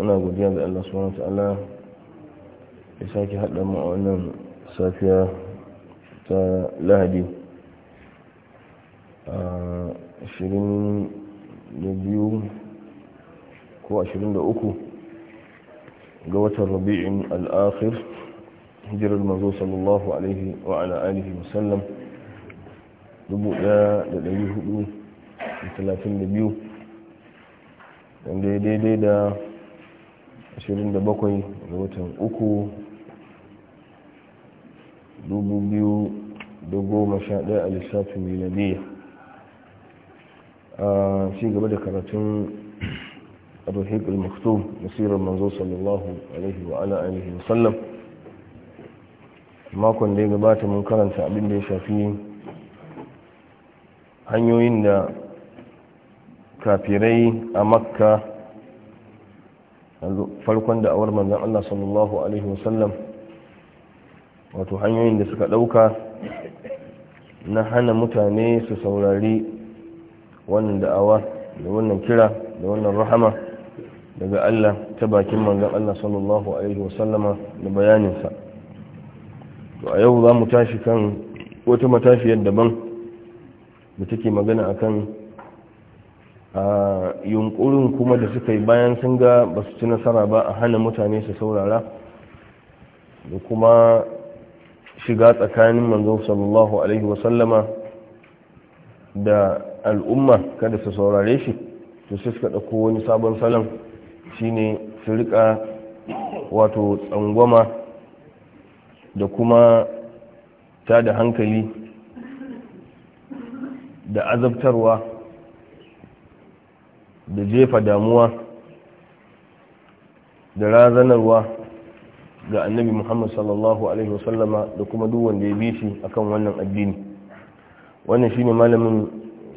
muna godiya ga Allah subhanahu ta'ala ya sake haɗa mu a wannan safiya ta lahadi a 22 ko 23 ga watan rabi'in al'akhir hijirar manzo sallallahu alaihi wa ala alihi wasallam 1432 wanda daidai da bakwai ga watan uku 2011 a lissafin miladiya a ci gaba da karatun الرحيق المختوم مسير المنظور صلى الله عليه وعلى آله وسلم makon da ya gabata mun karanta abin da ya shafi hanyoyin da kafirai a makka yanzu farkon da awar manzan Allah sallallahu alaihi wasallam wato hanyoyin da suka ɗauka na hana mutane su saurari wannan da'awa da wannan kira da wannan rahama daga Allah ta bakin manzan Allah sallallahu alaihi wasallama da bayaninsa to a yau za mu tashi kan wata matashiyar daban da take magana akan yunkurin kuma da suka yi bayan sun ga ba su ci nasara ba a hana mutane su saurara da kuma shiga tsakanin manzo sallallahu alaihi wasallama da al'umma kada su saurare shi su suka ɗauko wani sabon salon shine su rika wato tsangwama da kuma ta da hankali da azabtarwa da jefa damuwa da razanarwa ga annabi muhammad sallallahu alaihi wasallama da kuma duk wanda ya bi shi akan wannan addini wannan shine malamin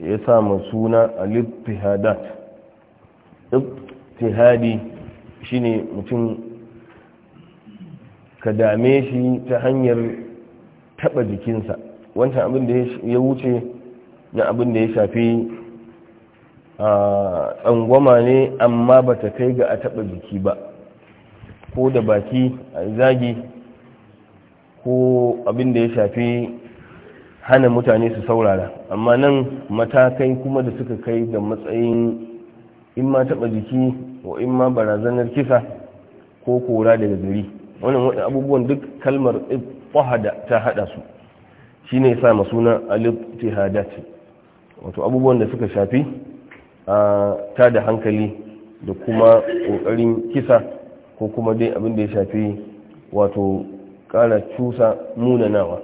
ya sa suna al-ittihadat ittihadi shine mutum ka dame shi ta hanyar taba jikinsa wancan abin da ya wuce na abin da ya shafi tsangwama ne amma ba ta kai ga a taɓa jiki ba ko da baki a zagi ko abin da ya shafi hana mutane su saurara amma nan matakai kuma da suka kai ga matsayin in ma taɓa jiki wa in ma barazanar kisa ko kora daga gari wannan abubuwan duk kalmar ibtihada ta hada su shine ne sa masuna alif tihadati wato abubuwan da suka shafi ta da hankali da kuma ƙoƙarin kisa ko kuma dai abin da ya shafi wato ƙara cusa munanawa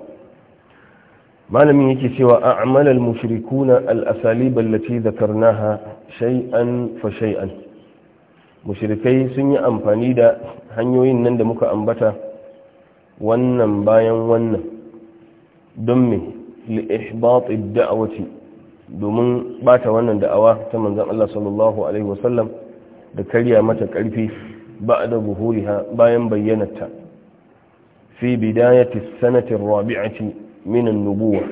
malamin yake cewa a amalar na al'asali ballaci ha shay'an fa shay'an mushrikai sun yi amfani da hanyoyin nan da muka ambata wannan bayan wannan don mai li'ihbati da'awati domin bata wannan da'awa ta manzan Allah sallallahu alaihi wasallam da karya mata karfi ba'da buhuriha bayan bayyanarta fi bidayati sanatin rabi'ati min an-nubuwah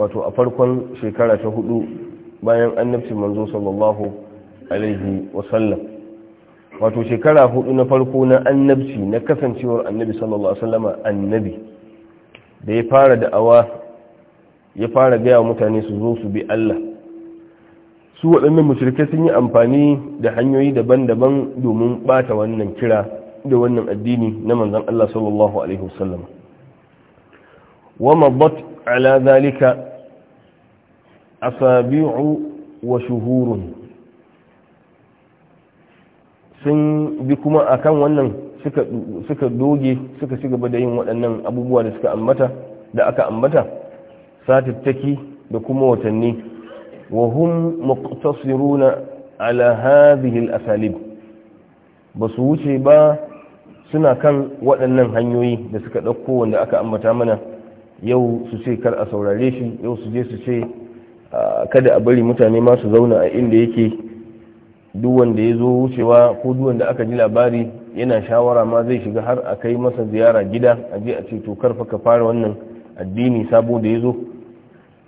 wato a farkon shekara ta hudu bayan annabci manzo sallallahu alaihi wasallam wato shekara hudu na farko na annabci na kasancewar annabi sallallahu alaihi wasallama annabi da ya fara da'awa ya fara gaya mutane su zo su bi Allah su waɗannan mushrikai sun yi amfani da hanyoyi daban-daban domin bata wannan kira da wannan addini na manzon Allah sallallahu alaihi wasallam wa ala zalika asabi'u wa shuhurun sun bi kuma akan wannan suka doge suka ci gaba da yin waɗannan abubuwa da suka ambata da aka ambata satittaki da kuma watanni wa hum muqtasiruna ala hadhihi al-asalib basu wuce ba suna kan waɗannan hanyoyi da suka ɗauko wanda aka ambata mana yau su ce kar a saurare shi yau su je su ce kada a bari mutane ma su zauna a inda yake duk wanda ya zo wucewa ko duk wanda aka ji labari yana shawara ma zai shiga har a kai masa ziyara gida a je a ce to karfa ka fara wannan addini sabo da ya zo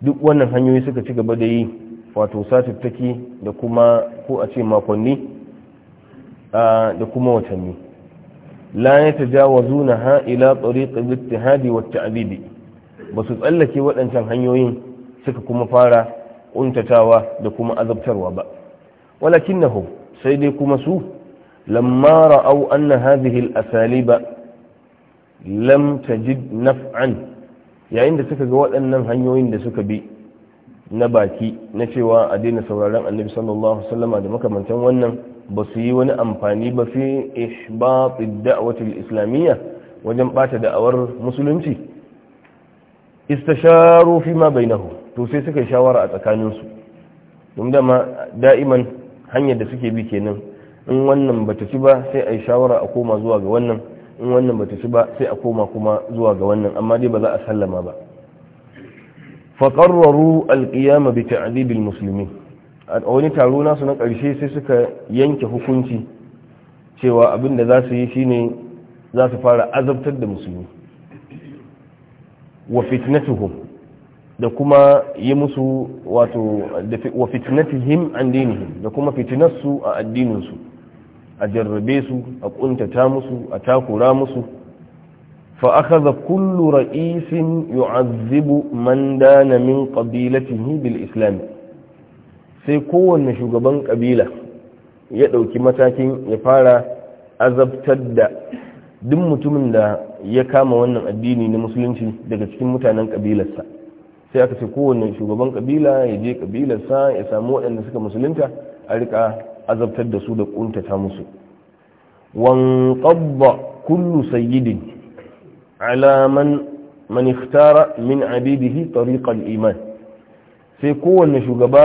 duk wannan hanyoyi suka ci gaba da yi wato satittaki da kuma ko a ce makonni da kuma watanni la ya jawo zuna ha ila tsariƙar ittihadi wa ta'abidi ba su tsallake waɗancan hanyoyin suka kuma fara ƙuntatawa da kuma azabtarwa ba walakin na sai dai kuma su lamma ra'au anna ba al-asaliba lam tajid naf'an yayin da suka ga waɗannan hanyoyin da suka bi na baki na cewa a daina sauraron annabi sallallahu alaihi da makamantan wannan ba su yi wani amfani ba fi ihbatid da'watul islamiyya wajen bata da'awar musulunci istasharu fi ma bainahu to sai suka yi shawara a tsakanin su da ma da'iman hanyar da suke bi kenan in wannan bata ci ba sai ai shawara a koma zuwa ga wannan in wannan bata ci ba sai a koma kuma zuwa ga wannan amma dai ba za a sallama ba faƙararru alƙiyama bi ta'adibil musulmi a wani taro nasu na ƙarshe sai suka yanke hukunci cewa abin da za su yi shine za su fara azabtar da musulmi wa fitnatuhum da kuma yi musu wato wa fitnatihim an dinihim da kuma fitnatsu a addininsu a jarrabe su a kuntata musu a takura musu fa akhadha kullu ra'isin yu'azzibu man dana min qabilatihi bil islam sai kowanne shugaban kabila ya dauki matakin ya fara azabtar da duk mutumin da ya kama wannan addini na musulunci daga cikin mutanen kabilarsa sai aka ce kowanne shugaban kabila ya je kabilarsa ya samu waɗanda suka musulunta a rika azabtar da su da kuntata musu wan qabba kullu sayyidin ala man man ikhtara min abidihi tariqal iman sai kowanne shugaba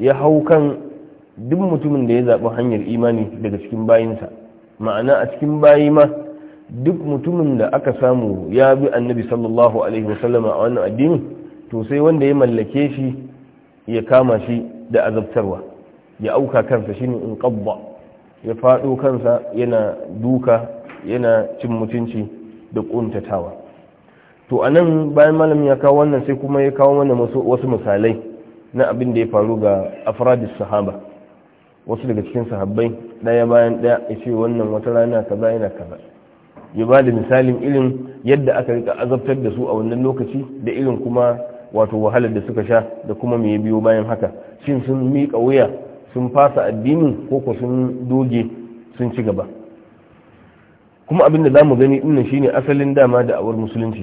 ya hau kan duk mutumin da ya zaɓi hanyar imani daga cikin bayinsa ma'ana a cikin bayi ma duk mutumin da aka samu ya bi annabi sallallahu alaihi wasallama a wannan addini to sai wanda ya mallake shi ya kama shi da azabtarwa ya auka kansa shine in qabba ya fado kansa yana duka yana cin mutunci da kuntatawa to nan bayan malam ya kawo wannan sai kuma ya kawo mana wasu misalai na abin da ya faru ga afradis sahaba wasu daga cikin sahabbai ɗaya bayan ɗaya ya ce wannan wata rana kaza yana kaza ya ba da misalin irin yadda aka rika azabtar da su a wannan lokaci da irin kuma wato wahalar da suka sha da kuma ya biyo bayan haka shin sun miƙa wuya sun fasa addinin ko ko sun doge sun ci gaba kuma abin da mu gani dinnan shine asalin dama da awar musulunci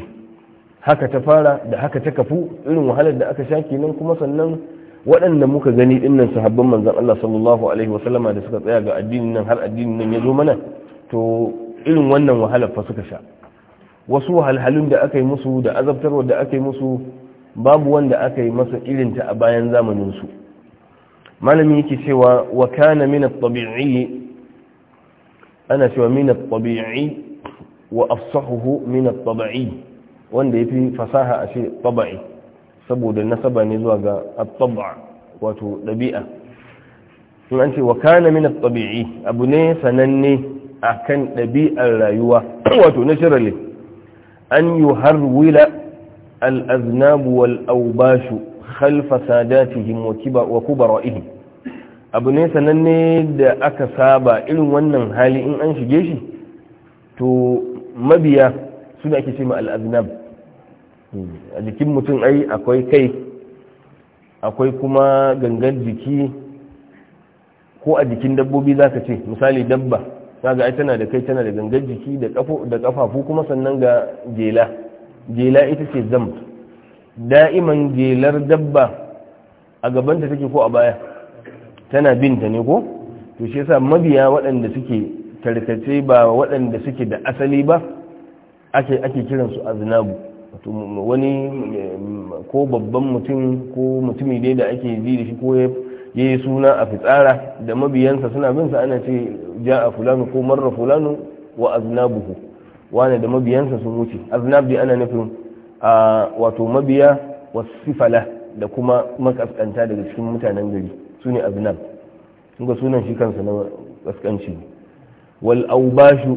haka ta fara da haka ta kafu irin wahalar da aka sha nan kuma sannan waɗanda muka gani dinnan sahabban manzan Allah sallallahu alaihi wasallama da suka tsaya ga addinin nan har addinin nan ya zo mana to irin wannan wahalar fa suka sha wasu halhalun da aka yi musu da azabtarwa da aka yi musu babu wanda aka yi masa irin ta a bayan zamanin su. malami yake cewa wa kana min at-tabi'i ana cewa min at-tabi'i wa afsahuhu min at-tabi'i wanda yafi fasaha a ce tabi'i saboda nasaba ne zuwa ga at-tab'a wato dabi'a sun an ce wa kana min at-tabi'i abu ne sananne akan dabi'ar rayuwa wato naturally an yuharwila al-aznab wal-awbash khalfa sadatihim wa kubara'ihim abu ne sananne da aka saba irin wannan hali in an shige shi to mabiya suna ake ce ma al'adunan a jikin mutum ai akwai kai akwai kuma gangan jiki ko a jikin dabbobi za ka ce misali dabba ga ai tana da kai tana da gangan jiki da kafafu kuma sannan ga jela jela ita ce zam da'iman jelar dabba a gabanta take ko a baya tana bin ta ne ko to shi yasa mabiya waɗanda suke tarkace ba waɗanda suke da asali ba ake ake kiran su aznabu wani ko babban mutum ko mutumi dai da ake ji da shi ko ya yi suna a fitsara da mabiyansa suna bin sa ana ce ja a fulanu ko marra fulanu wa aznabuhu wane da mabiyansa sun wuce aznab dai ana nufin wato mabiya wasu sifala da kuma makaskanta daga cikin mutanen gari su ne aznan sun ga sunan shi kansa na kaskanci wal aubashu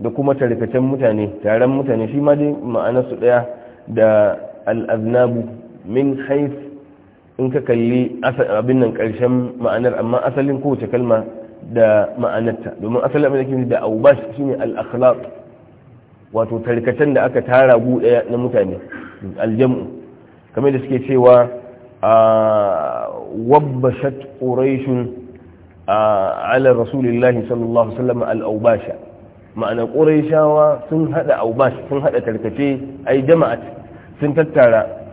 da kuma tarkacen mutane taron mutane shi ma dai ma'ana su daya da al-aznabu min haif in ka kalli abin nan karshen ma'anar amma asalin kowace kalma da ma'anarta domin asalin abin da ke da aubash shine al-akhlaq wato tarkacen da aka tara gu daya na mutane aljam'u kamar da suke cewa a wabbashat quraishun ala rasulillahi sallallahu alaihi wasallam al-aubasha ma'ana quraishawa sun hada aubash sun hada tarkace ai jama'at sun tattara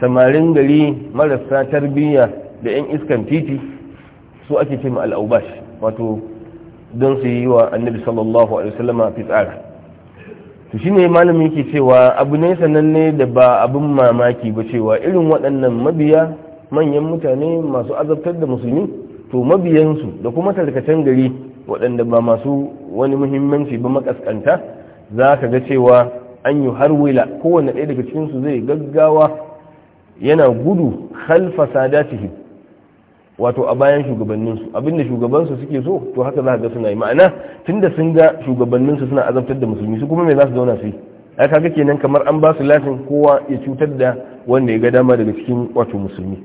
samarin gari marasa tarbiyya da yan iskan titi su ake ce ma wato don su yi wa annabi sallallahu alaihi wasallama fitsara to ne malamin yake cewa abu ne sananne da ba abin mamaki ba cewa irin waɗannan mabiya manyan mutane masu azabtar da musulmi to mabiyansu da kuma tarkacen gari waɗanda ba masu wani muhimmanci ba makaskanta za ka ga cewa an yi har wila kowane ɗaya daga cikinsu zai gaggawa yana gudu halfa sadatihim wato a bayan shugabanninsu abinda shugabansu suke so to haka za ka ga suna yi ma'ana tunda sun ga shugabanninsu suna azabtar da musulmi su kuma me za su zauna su yi ai kaga kenan kamar an ba su lafin kowa ya cutar da wanda ya ga dama daga cikin wato musulmi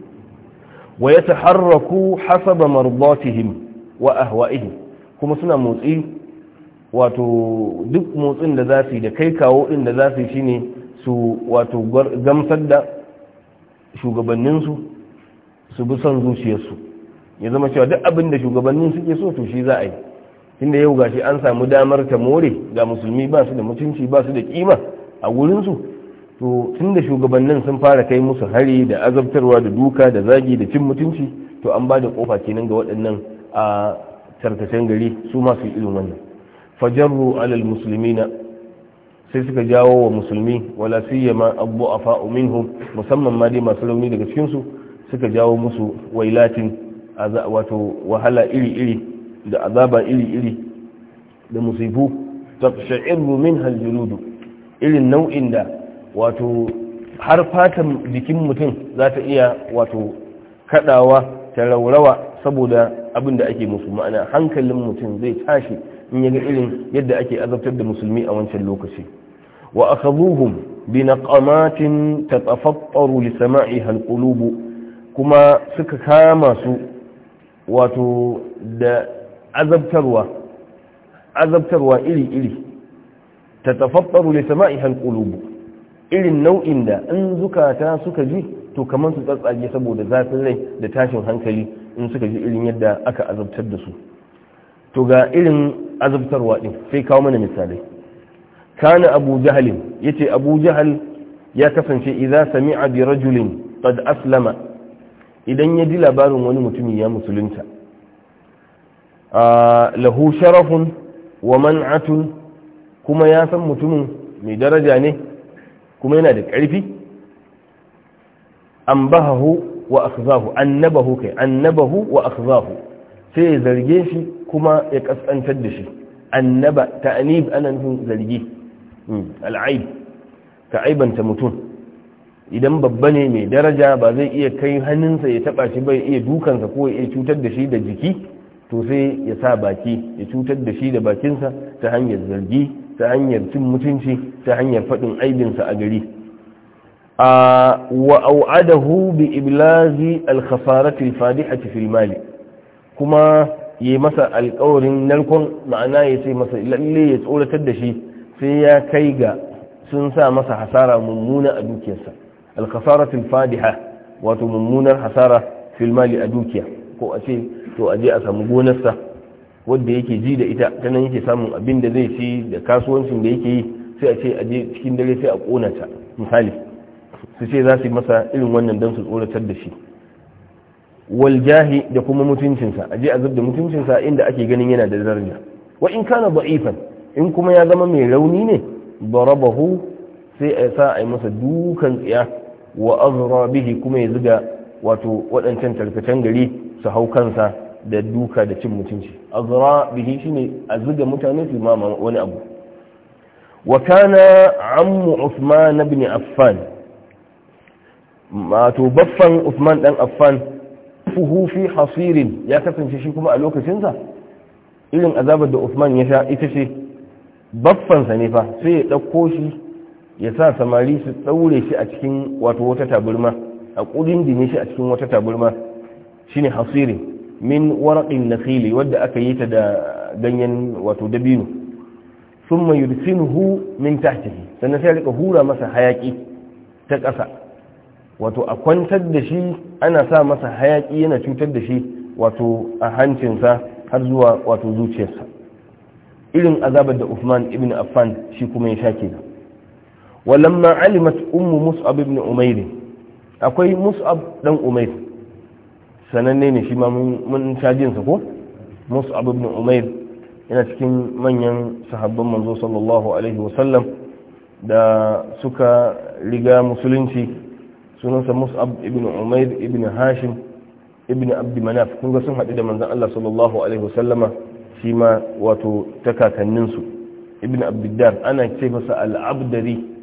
wa yataharraku hasaba mardatihim wa ahwa'ihim kuma suna motsi wato duk motsin da za su yi da kai kawo din da za su yi shine su wato gamsar da shugabanninsu su bi son zuciyarsu ya zama cewa duk abin da shugabannin suke so to shi za a yi inda yau gashi an samu damar ta more ga musulmi ba su da mutunci ba su da kima a wurinsu to tunda shugabannin sun fara kai musu hari da azabtarwa da duka da zagi da cin mutunci to an ba da kofa kenan ga waɗannan a tarkacen gari su masu irin wannan fajarru alal musulmina sai suka jawo wa musulmi wala siyama abu afa'u minhum musamman ma dai masu rauni daga cikin su suka jawo musu wailatin wato wahala iri-iri da azaba iri-iri da musifu ta sha'irru min haljuludu irin nau'in da wato har fatan jikin mutum za ta iya wato kadawa ta raurawa saboda abin da ake musu ma'ana hankalin mutum zai tashi in yaga irin yadda ake azabtar da musulmi a wancan lokaci wa akhadhuhum bi naqamatin tatafattaru li sama'i alqulub kuma suka kama su wato da azabtarwa azabtarwa iri-iri ta tafaffaru da sama'i ƙulubu irin nau'in da in zukata suka ji to kamar su tsatsage saboda zafin rai da tashin hankali in suka ji irin yadda aka azabtar da su to ga irin azabtarwa ɗin sai kawo mana misalai kana abu jahalin yace abu jahal ya kasance iza sami bi rajulin qad aslama idan ya ji labarin wani mutumi ya musulunta lahu sharafun wa man'atun kuma ya san mutumin mai daraja ne kuma yana da ƙarfi an bahahu wa akhzahu annabahu kai annabahu wa akhzahu sai ya zarge shi kuma ya kaskantar da shi annaba ta'anib ana nufin zargi hmm, al'aib ka aibanta mutum idan babba ne mai daraja ba zai iya kai hannunsa ya taba shi bai iya dukansa ko ya cutar da shi da jiki to sai ya sa baki ya cutar da shi da bakinsa ta hanyar zargi ta hanyar cin mutunci ta hanyar faɗin aibinsa a gari a au'adahu bi iblazi alkhasarati fadihati fil mali kuma ya masa alkawarin narkon ma'ana ya sai masa lalle ya tsoratar da shi sai ya kai ga sun sa masa hasara mummuna a dukiyarsa alkhasaratul fadiha wato mummunar hasara fil mali a dukiya ko a ce to a je a samu gonarsa wadda yake ji da ita ta nan yake samun abin da zai ci da kasuwancin da yake yi sai a ce a je cikin dare sai a kona ta misali su ce za su yi masa irin wannan don su tsoratar da shi wal jahi da kuma mutuncinsa a je a zub da mutuncinsa inda ake ganin yana da daraja wa in kana da'ifan in kuma ya zama mai rauni ne barabahu sai a sa a yi masa dukan tsiya wa azura bihi kuma ya zuga wato waɗancan tarkacen gari su hau kansa da duka da cin mutunci azura bihi shine a zuga mutane su ma wani abu wa kana ammu usman ibn affan wato baffan usman dan affan fuhu fi hasirin ya kasance shi kuma a lokacinsa irin azabar da usman ya sha ita ce baffansa ne fa sai ya ɗauko shi ya sa samari su tsaure shi a cikin wato wata taburma a ƙudin ne shi a cikin wata taburma shine hasiri min na nakhili wadda aka yi ta da ganyen wato dabino thumma hu min tahtihi sannan sai rika hura masa hayaki ta ƙasa wato a kwantar da shi ana sa masa hayaƙi yana cutar da shi wato a hancinsa har zuwa wato zuciyarsa irin azabar da Uthman ibn Affan shi kuma ya sha kenan walamma alimat ummu mus'ab ibn umair akwai mus'ab dan umair sananne ne shi ma mun cajin sa ko mus'ab ibn umair yana cikin manyan sahabban manzo sallallahu alaihi wasallam da suka riga musulunci sunan sunansa mus'ab ibn umair ibn hashim ibn abd manaf kun ga sun haɗu da manzon Allah sallallahu alaihi wasallama shi ma wato ta kakanninsu ibn abdiddar ana ce masa al-abdari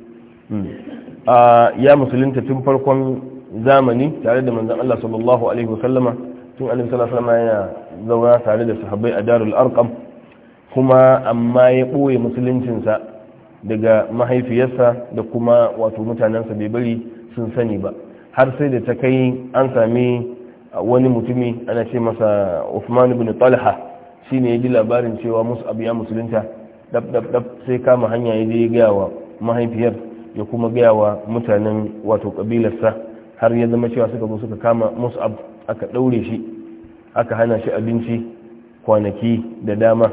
ya musulunta tun farkon zamani tare da manzan Allah sallallahu alaihi wasallama tun yana zauna tare da sahabai a darul arqam kuma amma ya ɓoye musuluncinsa daga mahaifiyarsa da kuma wato mutanensa bai bari sun sani ba har sai da ta kai an sami wani mutumi ana ce masa usman ibn Talha shine ya ji labarin cewa musu abu ya musulunta dab dab dab sai kama hanya ya je ya ga wa mahaifiyar ya kuma gaya wa mutanen wato kabilarsa har ya zama cewa suka zo suka kama mus'ab aka ɗaure shi aka hana shi abinci kwanaki da dama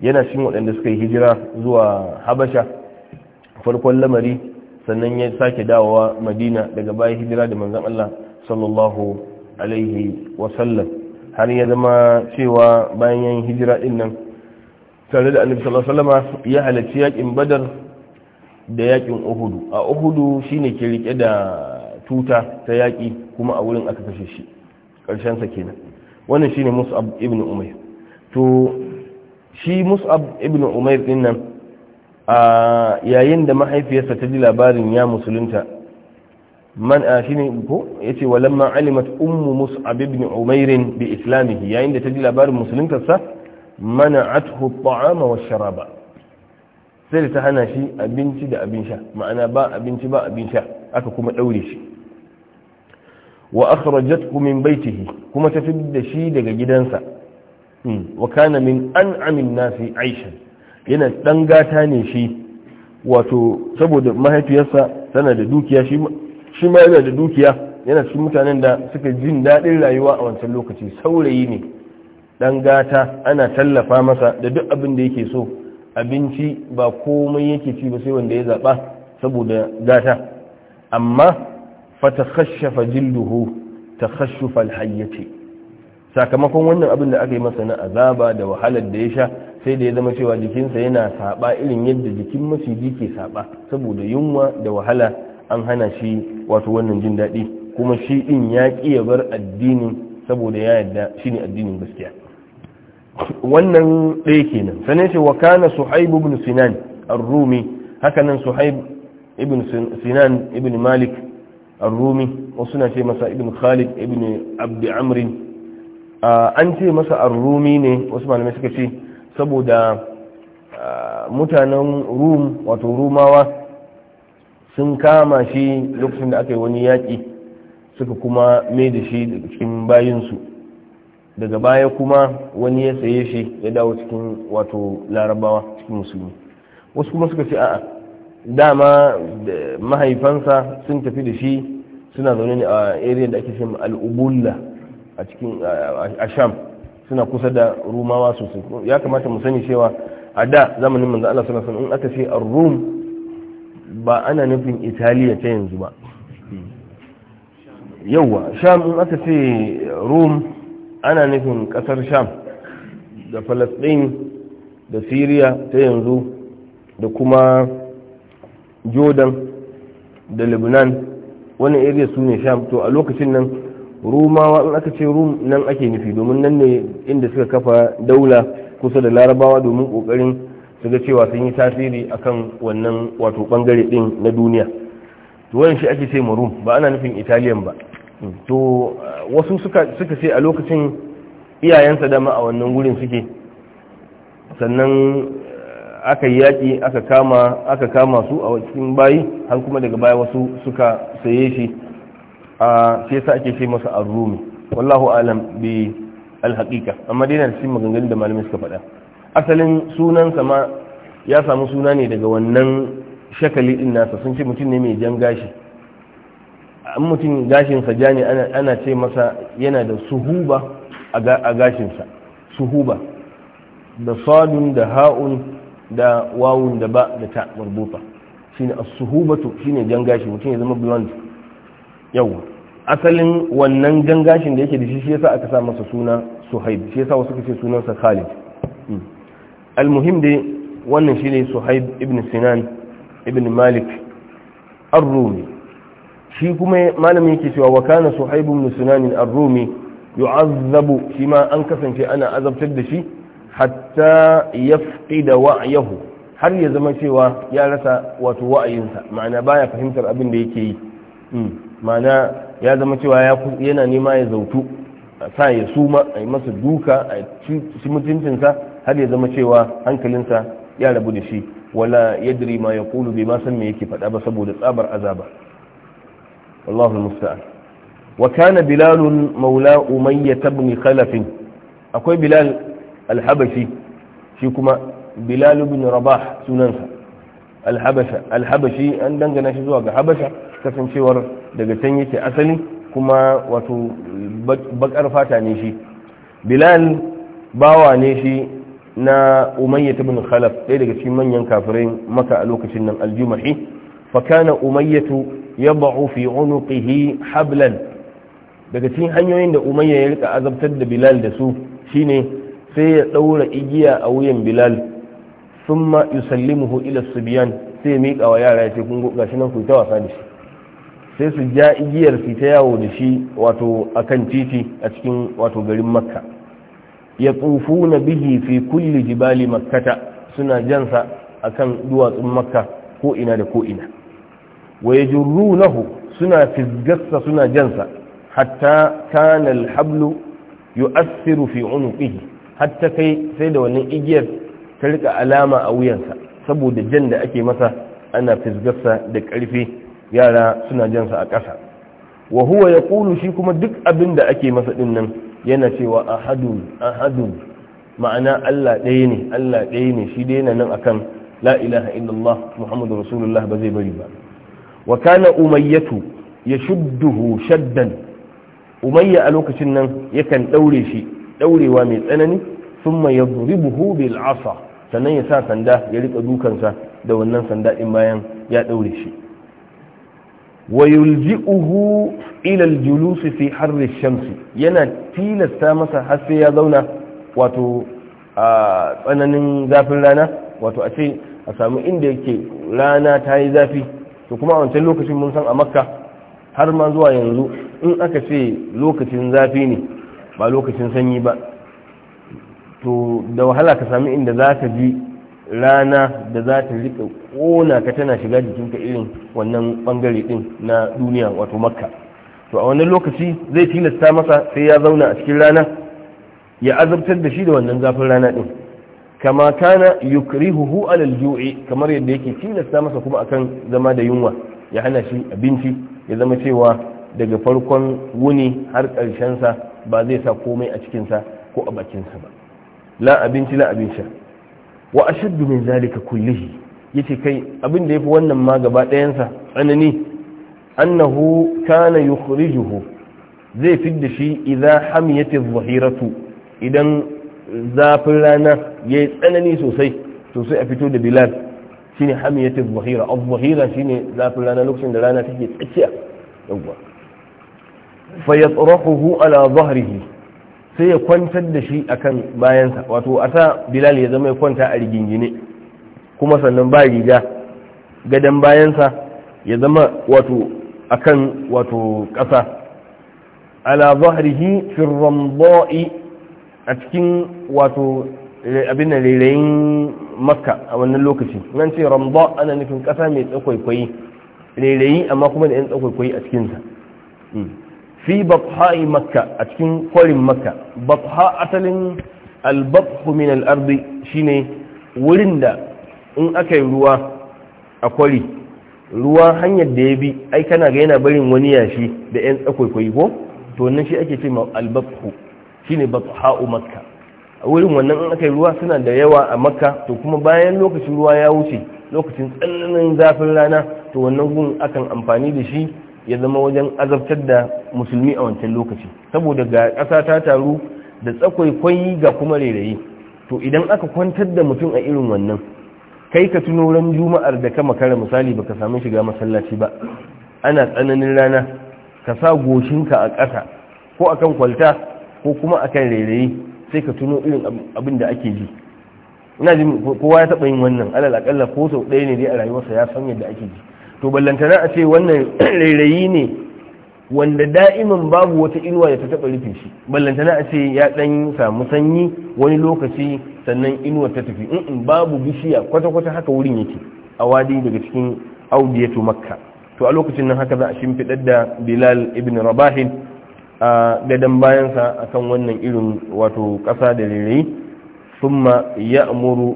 yana cikin waɗanda suka yi hijira zuwa habasha farkon lamari sannan ya sake dawowa madina daga bayan hijira da manzan allah sallallahu alaihi wasallam har ya zama cewa bayan yan hijira ɗin nan tare da annabi sallallahu alaihi wasallama ya halarci yaƙin badar da yakin uhudu a uhudu shine ke rike da tuta ta yaki kuma a wurin aka kashe shi karshen sa kenan wannan shine mus'ab ibn umayr to shi mus'ab ibn umayr din nan a yayin da mahaifiyarsa ta ji labarin ya musulunta man a shine ko yace walamma alimat ummu mus'ab ibn umayr bi islamihi yayin da ta ji labarin musuluntarsa mana'athu at-ta'ama wash-sharaba sai da ta hana shi abinci da abin sha ma'ana ba abinci ba abin sha aka kuma daure shi wa akhrajatku min baitihi kuma ta da shi daga gidansa hmm. wa kana min an'amin nasi aishan yana dan gata ne shi wato saboda mahaifiyarsa tana da dukiya shi ma yana da dukiya yana cikin mutanen da suka jin daɗin rayuwa a wancan lokaci saurayi ne dan gata ana tallafa masa da duk abin da yake so abinci ba komai yake ci ba sai wanda ya zaɓa saboda gata amma fata khashafa jilduhu ta khashufa alhayyace sakamakon wannan abin da aka yi masa na azaba da wahalar da ya sha sai da ya zama cewa jikinsa yana saba irin yadda jikin masiji ke saba saboda yunwa da wahala an hana shi wato wannan jin daɗi kuma shi din ya ƙi ya bar addinin saboda ya yadda shi ne addinin gaskiya wannan ɗaya kenan sanin shi wa kana suhaib ibn sinan ar-rumi hakanan suhaib ibn sinan ibn malik ar-rumi wasu na ce masa ibn khalid ibn abd Amrin. an ce masa ar-rumi ne wasu malamai suka ce saboda mutanen rum wato rumawa sun kama shi lokacin da aka yi wani yaƙi suka kuma mai da shi cikin bayansu. daga baya kuma wani ya saye shi ya dawo cikin wato larabawa cikin musulmi wasu kuma suka ce a'a dama mahaifansa sun tafi da shi suna zaune ne a area da ake shama al'ubulla a cikin asham suna kusa da rumawa sosai ya kamata mu sani cewa a da zamanin manzo Allah sallallahu alaihi in aka ce ar-rum ba ana nufin italiya ta yanzu ba yawa sham in aka ce rum ana nufin kasar sham da palestine da syria ta yanzu da kuma jordan da lebanon wani area su ne sham to a lokacin nan rumawa in aka ce rum nan ake nufi domin nan ne inda suka kafa daula kusa da larabawa domin kokarin su ga cewa sun yi tasiri akan wannan wato bangare din na duniya to wannan shi ake ce ma rum ba ana nufin italian ba to wasu suka ce a lokacin iyayensa dama a wannan wurin suke sannan eh, aka yi yaƙi aka kama su a cikin bayi har kuma daga baya wasu suka saye shi a sai sa ake ce masa arrumi wallahu alam bi alhaƙiƙa. amma dai na cikin maganganun da malamai suka faɗa asalin sunansa ma ya samu suna ne daga wannan shakali din nasa sun ce mutum ne mai jan gashi an mutum gashinsa ja ne ana ce masa yana da suhuba a gashinsa suhuba da sadun da ha'un da wawun da ba da ta marbuta shi as-suhubatu shine jan gashi mutum ya zama blond yau asalin wannan jan gashin da yake da shi shi yasa aka sa masa suna suhaib shi yasa wasu kace sunansa khalid hmm. al-muhim dai wannan ne suhaib ibn sinan ibn malik ar-rumi shi kuma malami yake cewa wa kana suhaibu ibn sunan ar-rumi yu'azzabu shi ma an kasance ana azabtar da shi hatta yafqida wa'yahu har ya zama cewa ya rasa wato wa'ayinsa ma'ana baya fahimtar abin da yake yi hmm. ma'ana ya zama cewa yana nema ya zautu sa ya suma a yi masa duka a ci mutuncinsa har ya zama cewa hankalinsa ya rabu da shi wala yadri ma ya kulu bai ma san me yake faɗa ba saboda tsabar azaba Allahu musta'an wa kana bilal maula umayya akwai bilal al-habashi shi kuma bilal ibn rabah sunansa alhabashi an dangana shi zuwa ga habasha kasancewar daga can yake asali kuma wato bakar fata ne shi bilal bawa ne shi na umayya ibn khalaf ɗaya daga cikin manyan kafirai maka a lokacin nan aljumahi fakana kana umayyatu yabahu fi unuqihi hablan daga cikin hanyoyin da umayya ya rika azabtar da bilal da su shine sai ya daura igiya a wuyan bilal thumma yusallimuhu ila subyan sai ya miƙa wa yara ya ce kun gashi nan ku ta wasa da shi sai su ja igiyar su ta yawo da shi wato akan titi a cikin wato garin makka ya tsufuna bihi fi kulli jibali makkata suna jansa akan duwatsun makka ko ina da ko ina wa yajrunahu suna fizgassa suna jansa hatta kana alhablu yu'assiru fi unuqihi hatta kai sai da wannan igiyar ta rika alama a wuyansa saboda jan da ake masa ana fizgarsa da karfi yara suna jansa a ƙasa wa huwa yaqulu shi kuma duk abin da ake masa ɗinnan yana cewa ahadun ahadun ma'ana Allah ɗaya Allah ɗaya ne shi dai yana nan akan la ilaha illallah muhammadu rasulullah ba zai bari ba wa kana umayyatu yashudduhu shaddan umayya a lokacin nan yakan daure shi daurewa mai tsanani thumma yadribuhu bil asa sannan ya sa sanda ya rika dukansa da wannan sanda ɗin bayan ya daure shi wa yulji'uhu ila al-julus fi harri ash yana tilasta masa har sai ya zauna wato tsananin zafin rana wato a ce a samu inda yake rana ta yi zafi to kuma a wancan lokacin mun san a makka har ma zuwa yanzu in aka ce lokacin zafi ne ba lokacin sanyi ba to da wahala ka sami inda za ka ji rana da za ta rika kona ka tana shiga jikinka irin wannan bangare din na duniya wato makka to a wannan lokaci zai tilasta masa sai ya zauna a cikin rana ya azabtar da shi da wannan zafin rana ɗin. kama kana yukrihuhu alal ju'i kamar yadda yake tilasta masa kuma akan zama da yunwa ya hana shi abinci ya zama cewa daga farkon wuni har karshen sa ba zai sa komai a cikin sa ko a bakin sa ba la abinci la abin sha wa ashaddu min zalika kullihi yace kai abin da yafi wannan ma gaba ɗayan sa tsanani annahu kana yukhrijuhu zai fidda shi idza hamiyati adh-dhahiratu idan zafin rana ya yi tsanani sosai sosai a fito da bilal shine hamiyatul zuhira az-zuhira shine zafin rana lokacin da rana take tsakiya yawwa fa yatrahuhu ala zahrihi sai ya kwantar da shi akan bayansa wato a sa bilal ya zama ya kwanta a rigingine kuma sannan ba riga gadan bayansa ya zama wato akan wato ƙasa ala zahrihi fi ramda'i a cikin wato eh, abin da rairayin makka a wannan lokaci nan ce rambo ana nufin kasa mai tsakwaikwayi rairayi amma kuma da yan tsakwaikwayi a cikinsa hmm. fi babha'i makka a cikin kwarin makka babha asalin albabhu min shi shine wurin da in aka yi ruwa a kwari ruwa hanyar da ya bi ai kana ga yana barin wani yashi da yan tsakwaikwayi ko to wannan shi ake ce ma albabhu shine batha'u makka a wurin wannan in aka yi ruwa suna da yawa a makka to kuma bayan lokacin ruwa ya wuce lokacin tsananin zafin rana to wannan gun akan amfani da shi ya zama wajen azabtar da musulmi a wancan lokaci saboda ga ƙasa ta taru da tsakwaikwai ga kuma rairayi to idan aka kwantar da mutum a irin wannan kai ka tuno ran juma'ar da ka makara misali baka samu shiga masallaci ba ana tsananin rana ka sa goshinka a ƙasa ko akan kwalta ko kuma akan rairayi sai ka tuno irin abin da ake ji ina ji kowa ya taba yin wannan alal akalla ko sau ɗaya ne dai a rayuwarsa ya san yadda ake ji to ballantana a ce wannan rairayi ne wanda da'iman babu wata inuwa da ta taba rufe shi ballantana a ce ya dan samu sanyi wani lokaci sannan inuwa ta tafi in babu bishiya kwata-kwata haka wurin yake a wadi daga cikin audiyatu makka to a lokacin nan haka za a shimfiɗar da bilal ibn rabahin a gadon bayansa akan wannan irin wato ƙasa da rere summa ya'muru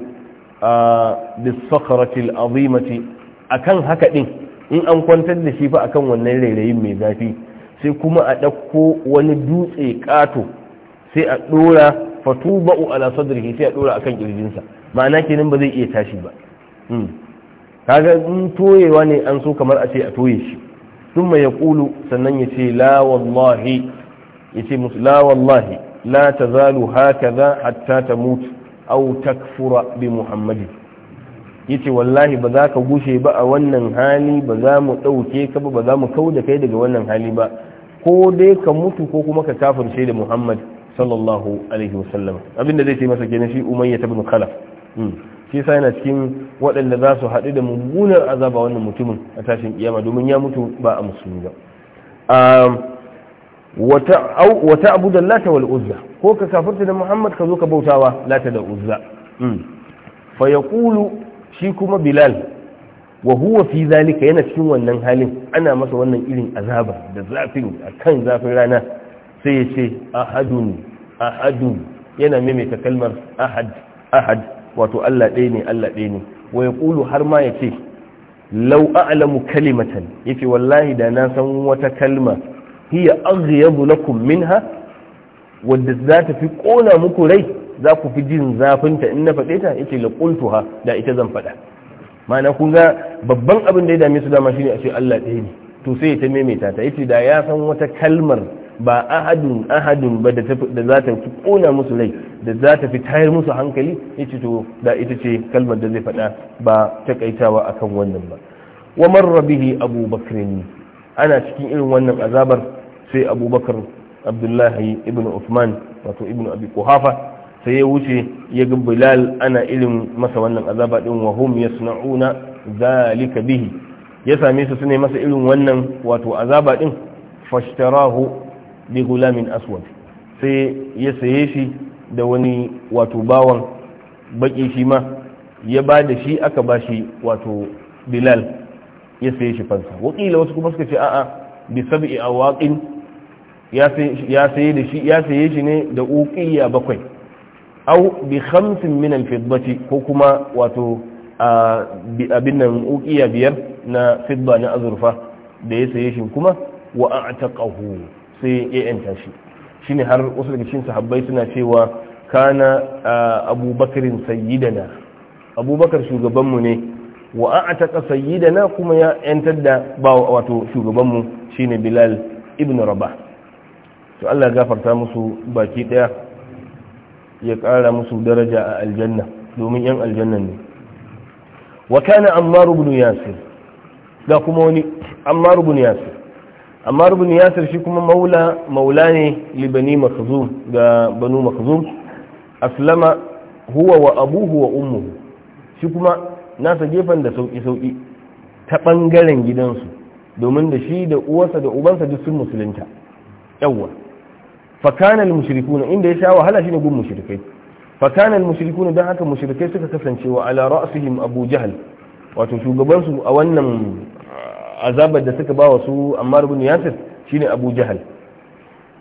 bis a al-azimati akan haka din in an kwantar da shi fa akan wannan rairayin mai zafi sai kuma a ɗauko wani dutse ƙato sai a ɗora fatuba'u ala sadrihi sai a ɗora akan kirjinsa ma'ana kenan ba zai iya tashi ba hmm. kaga in toyewa ne an so kamar a ce a toye shi thumma yaqulu sannan yace la wallahi yace musu la wallahi latazalu haka za hatta tamut aw takfura bi muhammadin yace wallahi ba za ka gushe ba a wannan hali ba za mu ɗauke ka ba ba za mu kau kai daga wannan hali ba ko dai ka mutu ko kuma ka kafirce da muhammad sallallahu alaihi wasallam abinda zai ce masa kenan shi umayya ibn kala. shi sa yana cikin waɗanda za su haɗu da mummunar azaba wannan mutumin a tashin kiyama domin ya mutu ba a musulmi ba wata abu da lata wal uzza ko ka kafirta da muhammad ka zo ka bautawa lata da uzza mm. fa ya kulu shi kuma bilal wa huwa fi zalika yana cikin wannan halin ana masa wannan irin azaba da zafin a kan zafin rana sai ya ce ahadun ahadun yana maimaita kalmar ahad ahad wato Allah ɗaya ne Allah ɗaya ne wa yaqulu har ma yace lau a'lamu kalimatan yace wallahi da na san wata kalma hiya aghyabu lakum minha wadda za ta fi kona muku rai za ku fi jin zafin ta in na faɗe ta yace la qultuha da ita zan faɗa ma'ana kun ga babban abin da ya dame su dama shine a ce Allah ɗaya ne to sai ya ta maimaita ta yace da ya san wata kalmar ba ahadun ahadun ba da za ta fi kona musu lai da za ta fi tayar musu hankali yace to da ita ce kalmar da zai faɗa ba takaitawa akan wannan ba wa marra bihi abubakar ana cikin irin wannan azabar sai abubakar abdullahi ibn uthman wato ibn abi kuhafa sai ya wuce ya ga bilal ana irin masa wannan azaba din wa hum yasna'una zalika bihi ya same su sune masa irin wannan wato azaba din fashtarahu bi gulamin aswad sai ya saye shi da wani wato bawan baki shi ma ya ba da shi aka ba shi wato bilal ya saye shi fansa wakila wasu kuma suka ce a'a bi sab'i awaqin ya saye da shi ya saye shi ne da uqiya bakwai au bi khamsin min al-fiddati ko kuma wato abin nan uqiya biyar na fidda na azurfa da ya saye shi kuma wa a'taqahu sai ya yanta shi shine har wasu daga cikin sahabbai suna cewa kana abubakarin sayyidana abubakar shugabanmu ne wa an taƙa sayyidana kuma ya yantar da ba wato shugabanmu shine bilal ibn raba to Allah gafarta musu baki ɗaya ya ƙara musu daraja a aljanna domin yan aljanna ne wa kana ammaru bin yasir ga kuma wani ammaru bin yasir amma rubin yasir shi kuma maula maula ne libani makazum makhzum ga banu makhzum aslama huwa wa abuhu wa ummuhu shi kuma nasa gefen da sauki sauki ta bangaren gidansu domin da shi da uwarsa da ubansa duk sun musulunta yawwa fa kana al mushrikuna inda ya sha wahala shine gun mushrikai fa kana al mushrikuna dan haka mushrikai suka kasance wa ala ra'sihim abu jahl wato shugabansu a wannan azabar da suka ba wa su ammar ibn yasir shine abu jahal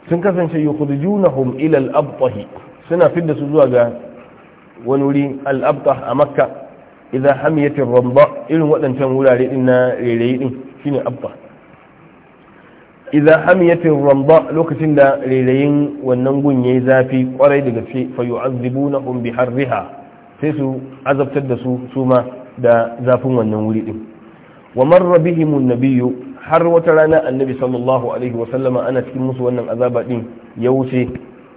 sun kasance yukhrijunahum ila al-abtahi suna fidda su zuwa ga wani wuri al a makka idan hamiyatin ar irin waɗancan wurare din na rereyi din shine abtah idan hamiyatin ar lokacin da rereyin wannan gun yayi zafi kwarai da gaske na yu'azzibunahum bi riha sai su azabtar da su suma da zafin wannan wuri din wa marra nabiyyu har wata rana annabi sallallahu alaihi wasallama ana cikin musu wannan azaba din ya wuce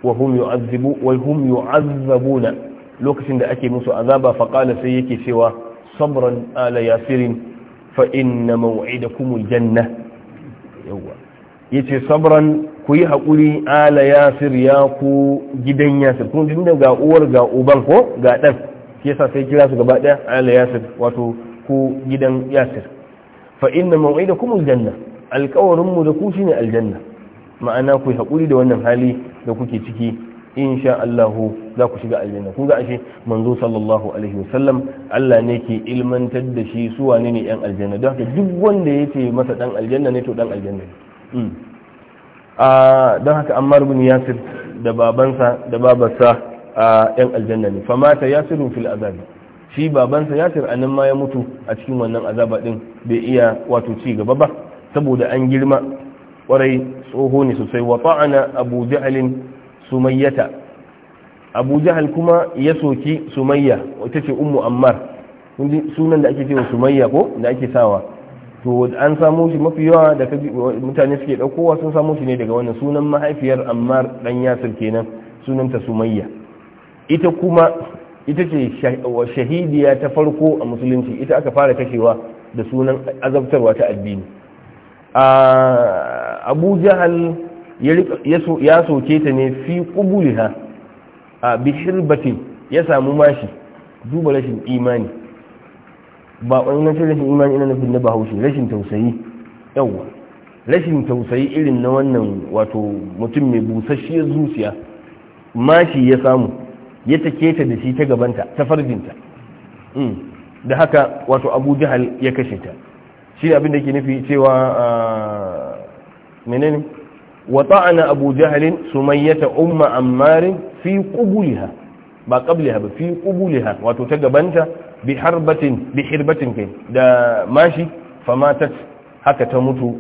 wa hum yu'azzibu wa hum yu'azzabuna lokacin da ake musu azaba fa qala sai yake cewa sabran ala yasirin fa inna maw'idakumul janna yawa yace sabran ku yi haƙuri ala yasir ya ku gidan yasir kun jin da ga uwar ga uban ko ga ɗan yasa sai kira su gaba ɗaya ala yasir wato ku gidan yasir fa inna maw'idakum aljanna alkawarinmu da ku ne aljanna ma'ana ku hakuri da wannan hali da kuke ciki insha Allah za ku shiga aljanna kun ga ashe manzo sallallahu alaihi wasallam Allah ne ke ilmantar da shi su wane ne yan aljanna don haka duk wanda yace masa dan aljanna ne to dan aljanna ne hmm. don haka Ammar bin Yasir da babansa da babarsa yan aljanna ne famata yasirun fil azabi shi babansa yasir a nan ma ya mutu a cikin wannan azaba din bai iya wato ci gaba ba saboda an girma kwarai tsoho ne sosai wa ta'ana abu jahalin sumayyata abu jahal kuma ya soki sumayya wata ce ummu ammar sunan da ake cewa sumayya ko da ake sawa to an samo shi mafi yawa da mutane suke ɗaukowa sun samo shi ne daga wannan sunan mahaifiyar ammar dan yasir kenan sunanta sumayya ita kuma ita ce shahidiya ta farko a musulunci ita aka fara kashewa da sunan azabtarwa ta addini abu jahal ya soke ta ne fi ƙubuliha a bishirbatin ya samu mashi duba rashin imani ba ƙwanyar rashin imani ina nufin na bahaushe rashin tausayi yawwa rashin tausayi irin na wannan wato mutum mai busasshiyar zuciya mashi ya samu ya take ta da shi ta gabanta ta farjinta hmm. da haka wato abu jihal ya kashe ta shi abin da ke nufi cewa ah, menene wa ta'ana abu jahalin sumayyata umma ammarin fi qubuliha ba qabliha ba fi qubuliha wato ta gabanta bi harbatin bi hirbatin kai da mashi famatat haka ta mutu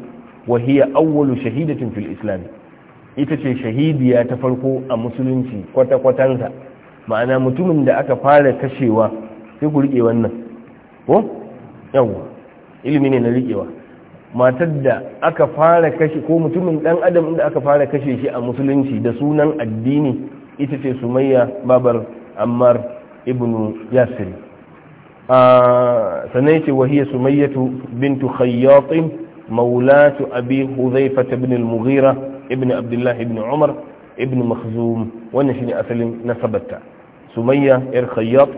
wa hiya awwalu shahidatin fil islam ita ce shahidiya ta farko a musulunci kwata-kwatansa ma'ana mutumin da aka fara kashewa sai ku rike wannan ko yawwa ilimi ne na rikewa matar da aka fara kashe ko mutumin ɗan adam inda aka fara kashe shi a musulunci da sunan addini ita ce sumayya babar ammar ibnu yasir sanai ce wahiyar sumayyatu bintu khayyatin maulatu abi huzaifa ibn al-mughira ibn abdullahi ibn umar ibn makhzum wannan shine asalin nasabarta sumayya yar khayyab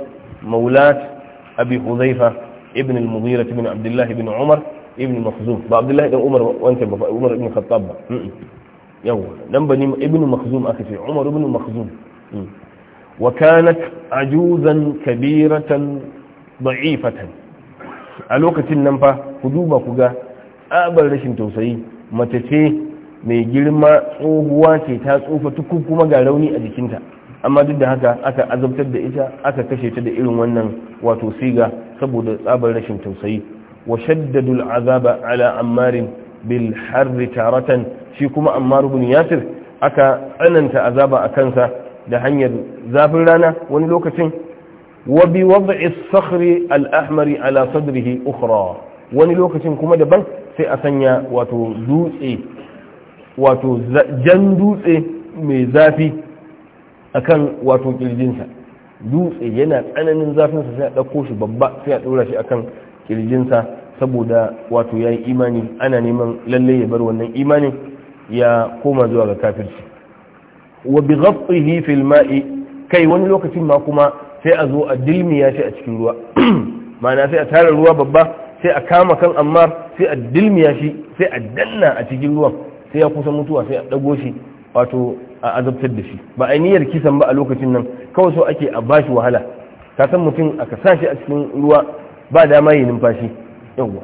maulat abi huzaifa umar ibn makhzum ba abdullah ibn umar wancan ba umar ibn khattab ba nan bani ibn aka ce umar ibn makhzum mm. wa kanat ajuzan kabiratan da'ifatan a lokacin nan fa ku duba ku ga rashin tausayi mace ce mai girma tsohuwa ce ta tsufa tukun kuma ga rauni a jikinta amma duk da haka aka azabtar da ita aka kashe ta da irin wannan wato siga saboda tsabar rashin tausayi wa shaddadul azaba ala ammarin bil harri taratan shi kuma ammar ibn yasir aka tsananta azaba a kansa da hanyar zafin rana wani lokacin wa bi wad'i sakhri al-ahmari ala sadrihi ukhra wani lokacin kuma daban sai a sanya wato dutse wato jan dutse mai zafi akan wato kirjinsa dutse yana tsananin zafinsa sai a ɗauko shi babba sai a ɗora shi akan kirjinsa saboda wato ya yi imani ana neman lalle ya bar wannan imanin ya koma zuwa ga kafirci wa bi ghabtihi fil ma'i kai wani lokacin ma kuma sai a zo a dilmiya shi a cikin ruwa ma'ana sai a tara ruwa babba sai a kama kan amma sai a dilmiya shi sai a danna a cikin ruwan sai ya kusa mutuwa sai a dago shi wato a azabtar da shi ba a niyyar kisan ba a lokacin nan kawai so ake a bashi wahala ka san mutum aka sa shi a cikin ruwa ba dama yi numfashi yawwa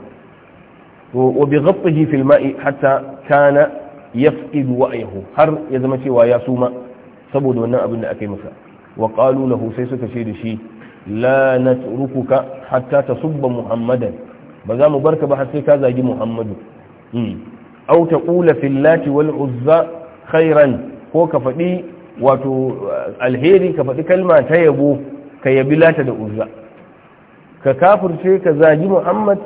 wa bi ghabtihi fil ma'i hatta kana yafqidu wa'yahu har ya zama cewa ya suma saboda wannan abin da aka yi masa wa qalu lahu sai suka ce da shi la natrukuka hatta tasubba muhammadan ba za mu barka ba har sai ka zagi muhammadu hmm. auta taqula fil lati wal uzza khairan ko ka faɗi wato eh, alheri ka faɗi kalma ta yabo ka yabi lata da uzza ka kafirce ka zagi muhammad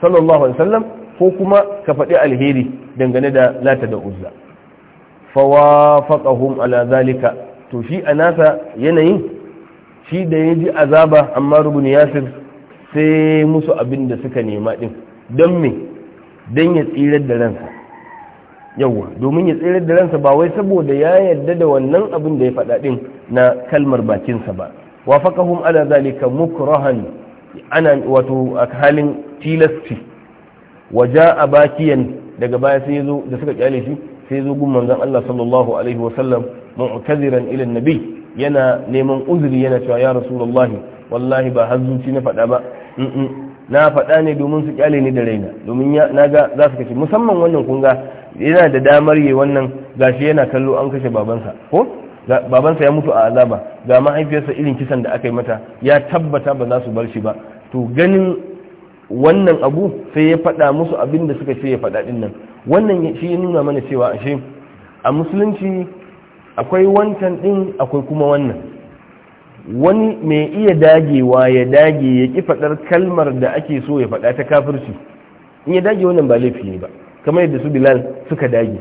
sallallahu alaihi wasallam ko kuma ka faɗi alheri dangane da lata da uzza fawafaqahum ala zalika to shi a nasa yanayin shi da ya ji azaba amma rubun yasir sai musu abin da suka nema din don me don ya tsirar da ransa yawwa domin ya tsere da ransa ba wai saboda ya yarda da wannan abin da ya faɗa ɗin na kalmar bakinsa ba Wa wafaqahum ala zalika mukrahan ana wato a halin tilasti waja a bakiyan daga baya sai zo da suka kyale shi sai zo gun manzon Allah sallallahu alaihi wasallam mu'taziran ila nabi yana neman uzuri yana cewa ya rasulullahi wallahi ba hazzuci na faɗa ba na faɗa ne domin su kyale ni da raina domin na ga za su kace musamman wannan kunga yana da damar yi wannan gashi yana kallo an kashe babansa ko babansa ya mutu a azaba ga mahaifiyarsa irin kisan da aka yi mata ya tabbata ba za su bar shi ba to ganin wannan abu sai ya faɗa musu abin da suka ce ya faɗa ɗin nan wannan shi ya nuna mana cewa ashe a musulunci akwai wancan ɗin akwai kuma wannan wani mai iya dagewa ya dage ya ƙi faɗar kalmar da ake so ya faɗa ta kafirci in ya dage wannan ba laifi ne ba kamar yadda su bilal suka dage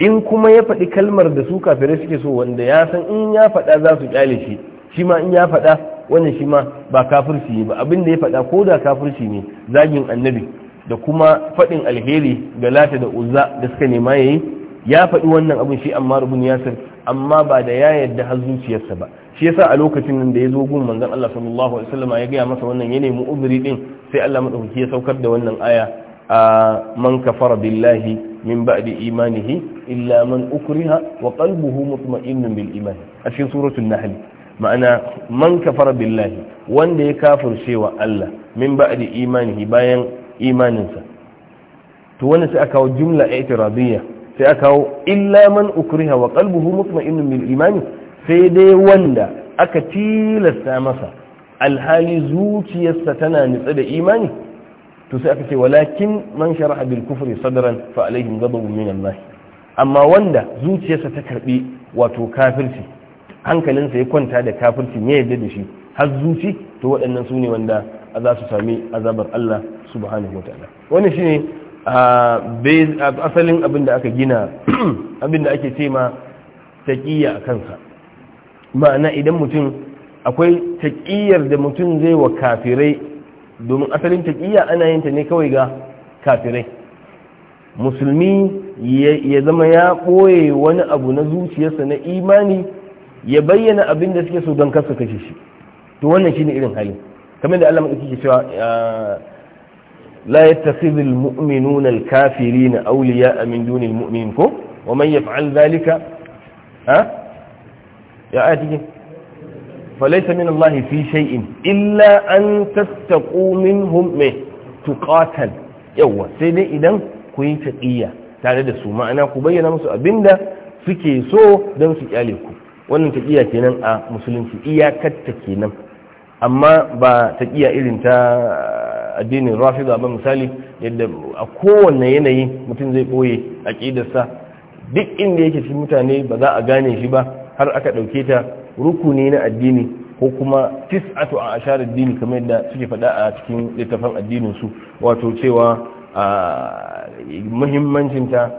in kuma ya faɗi kalmar da su kafire suke so wanda ya san in ya faɗa za su kyale shi shi ma in ya faɗa wannan shi ma ba kafirci ne ba abin da ya faɗa ko da kafirci ne zagin annabi da kuma faɗin alheri ga lata da uzza da suka nema ya yi ya faɗi wannan abin shi amma rubun yasir amma ba da ya yarda har zuciyarsa ba shi yasa a lokacin da ya zo gun manzon Allah sallallahu alaihi wasallam ya gaya masa wannan ya nemi uzuri din sai Allah madaukaki ya saukar da wannan aya A man kafara billahi min ba'di imanihi illa man ukriha wa qalbuhu mutma'innun bil iman a cikin suratul nahl ma'ana man kafara billahi wanda ya kafircewa Allah min ba'di imanihi bayan imaninsa to wannan sai aka kawo jumla i'tiradiyya sai aka kawo illa man ukriha wa qalbuhu mutma'innun bil iman sai dai wanda aka tilasta masa alhali zuciyarsa tana nitsa da imani to sai aka ce walakin man shara'a bil kufri sadran fa alaihim ghadabun min Allah amma wanda zuciyarsa ta karbi wato kafirci hankalinsa ya kwanta da kafirci ya yarda da shi har zuci to waɗannan su ne wanda za su sami azabar Allah subhanahu wataala wannan shine a asalin abin da aka gina abin da ake ce ma taqiyya a kansa ma'ana idan mutum akwai taƙiyyar da mutum zai wa kafirai domin asalin taƙiyya ana yin ta ne kawai ga kafirai musulmi ya zama ya ɓoye wani abu na zuciyarsa na imani ya bayyana abin da suke so don kasa kashe shi to wannan shine irin hali kamar da Allah maɗauki ke cewa ah, la yattakhidhu na alkafirina awliya'a min duni almu'minin ko wa man yaf'al dhalika ha ya ayati falaisa min Allah fi shay'in illa an tattaqu minhum me tuqatal yawa sai dai idan kuyi taƙiya tare da su ma'ana ku bayyana musu abinda suke so don su kyale ku wannan taƙiya kenan a musulunci iyakar kenan amma ba taqiya irin ta addinin rafida ba misali yadda a kowanne yanayi mutum zai boye aqidarsa duk inda yake cikin mutane ba za a gane shi ba har aka ɗauke ta rukuni na addini ko kuma tis'atu a ashar addini kamar yadda suke faɗa a cikin littafin addinin su wato cewa muhimmancinta